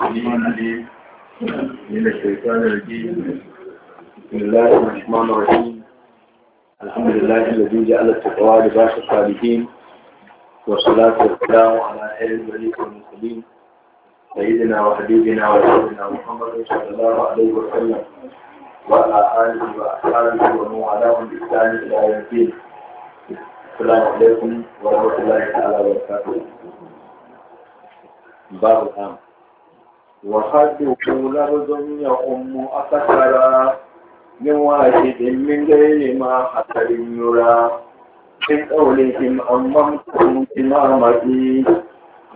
الرحمن الرحيم بسم الله الرحمن الرحيم الحمد لله الذي جعل التقوى لباس الصالحين والصلاة والسلام على أهل البريد والمسلمين سيدنا وحبيبنا وسيدنا محمد صلى الله عليه وسلم وعلى آله وأصحابه ومن والاهم بإحسان إلى يوم الدين السلام عليكم ورحمة الله تعالى وبركاته باب الأمر وحده لفظ يؤم أكثرا من واحد من غير ما حصل يرى من قولهم أممتم إمامتي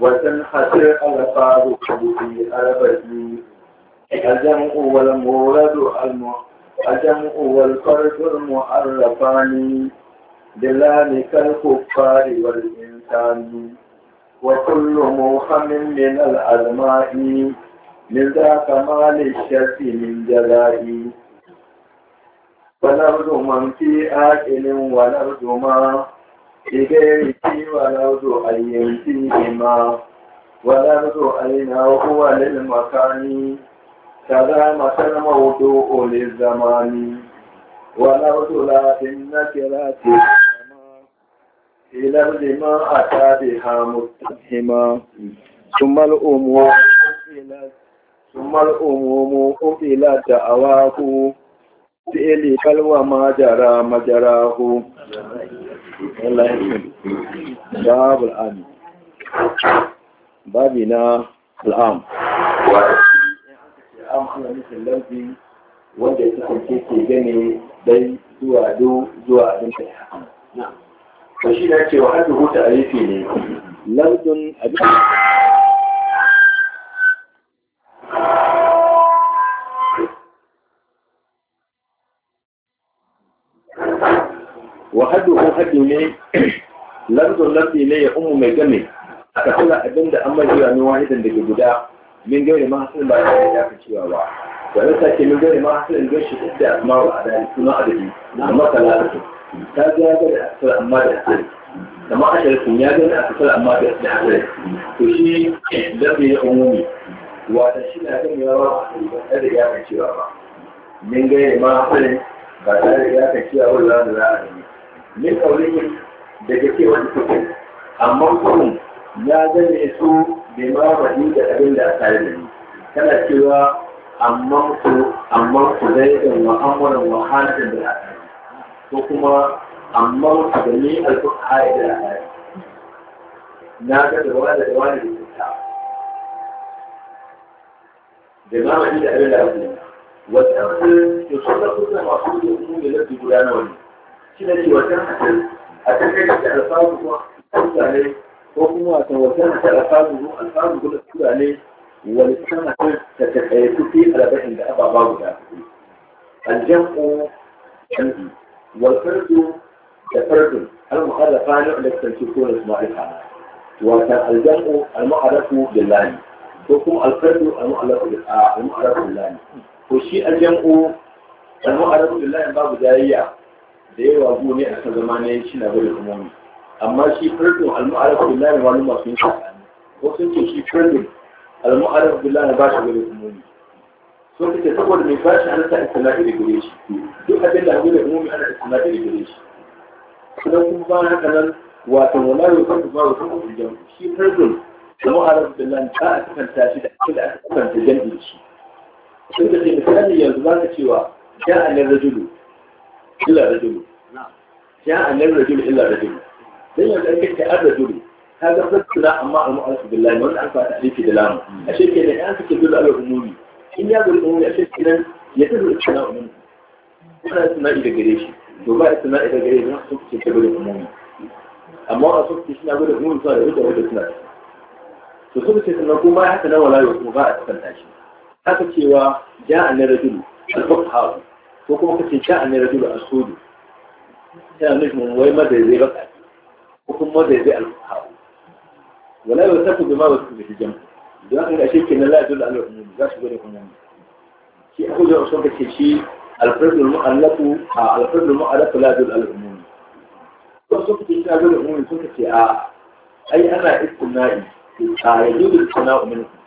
وتنحسر ألفاظ حبه أربتي الجمع والمورد الجمع والفرد المعرفان بذلك الكفار والإنسان وكل موهم من الأزمان Nígbà ká máa lè ṣe sí ní ìjọba yìí. Wàlárùdù ma ń kí á ṣe ní ń wà lárùdù ma. Ìgbé ẹ̀rí kí wà lárùdù ayé ń kí ní ẹ̀ ma. Wà lárùdù ayé náà ó kú wà lẹ́nu màkà ní. Tàbá màkà náà máa wò tó o lè zà ma. Ìlà ń lè ma àtàlẹ̀ ha mo ṣe ma. Tumalu omu ثم umumu إلى دعواه فعل كلوى ما جرى مجراه باب الآن بابنا الآن an ana nufin wanda ya kasance ke gane dai zuwa do zuwa abin da ya haka. Ko shi na cewa hutu a ne. lardun abin wa haddu ko haddi ne lafzun lafi ne ya umu mai game a kasala abinda an mai zuwa min wahidan daga guda min gairi ma hasilin ba da ya fi cewa ba da rasa ke min gairi ma hasilin don shi da asma'u a dali suna adadi amma talatu ta ga ya ga da asal amma da asali amma ashar sun ya ga da asal amma da asali to shi lafi ya umumi wata shi na gamewa ba a da ya fi cewa ba min gairi ma hasilin ba da ya fi cewa ba za a da za a yi min kaulihi daga cewa su amma kurun ya zane su da mawadi da abin da aka yi da ni kana cewa amma ku amma ku zai da mu'amalan wa halin da aka yi ko kuma amma ku da ni alfuqa'i da aka yi na ga da wani da wani da ta da mawadi da abin da aka yi wata su su da kuma masu da su da lafi gudanarwa ne shi ne wajen a can kai da alfazu kuma alfazu ko kuma wata wajen da alfazu kuma alfazu kuma turale wani sana ta tsaye kuɗi arba'in da ababa guda الجمع جمعي والفرد كفرد المخالفة نعلم تنشكون اسمائها والجمع المعرف بالله وكم الفرد المعرف المعرف بالله وشيء الجمع المعرف بالله باب جاية da yawa go ne aka zama ne shi na bari umumi amma shi firdin al-mu'arraf billahi maluma sun shi ko sun ce shi firdin al-mu'arraf billahi ba shi bari umumi sun ce saboda mai ba shi halatta istilahi da gare shi duk abin da bari umumi ana istilahi da gare shi sannan kuma bayan haka nan wato wala yau kan ba wa kan wajen shi firdin al-mu'arraf billahi ba a kanta shi da aka kanta jami'i shi sun ce misali yanzu za ka cewa ja'a ne rajulu illa rajulu ya annabi rajul illa rajul dan yanzu ake ta ar rajul kaga fassara amma al-mu'arraf billahi wanda aka ta aliki da lamu ashe kenan in aka ce dole al umumi ya zo umumi ashe kenan ya tazo kana umumi kana suna ida gare shi to ba suna ida gare shi su ce ta gare umumi amma a su suna gare umumi suna da wata wata suna to su ce kuma ya haka na wala kuma ba a cewa ko kuma yana nufin wai madaidai ba ko kuma madaidai alfahawa wala yau ta kuma ba su fi jam don haka ashe ke nan la'adul al'ummi za su gane kuma shi akwai da sun ka ke shi alfardul mu'allaku a alfardul mu'allaku la'adul al'ummi wasu ka ke shi al'adul al'ummi sun ka ke a ai ana istina'i a yanzu da sana'u minkum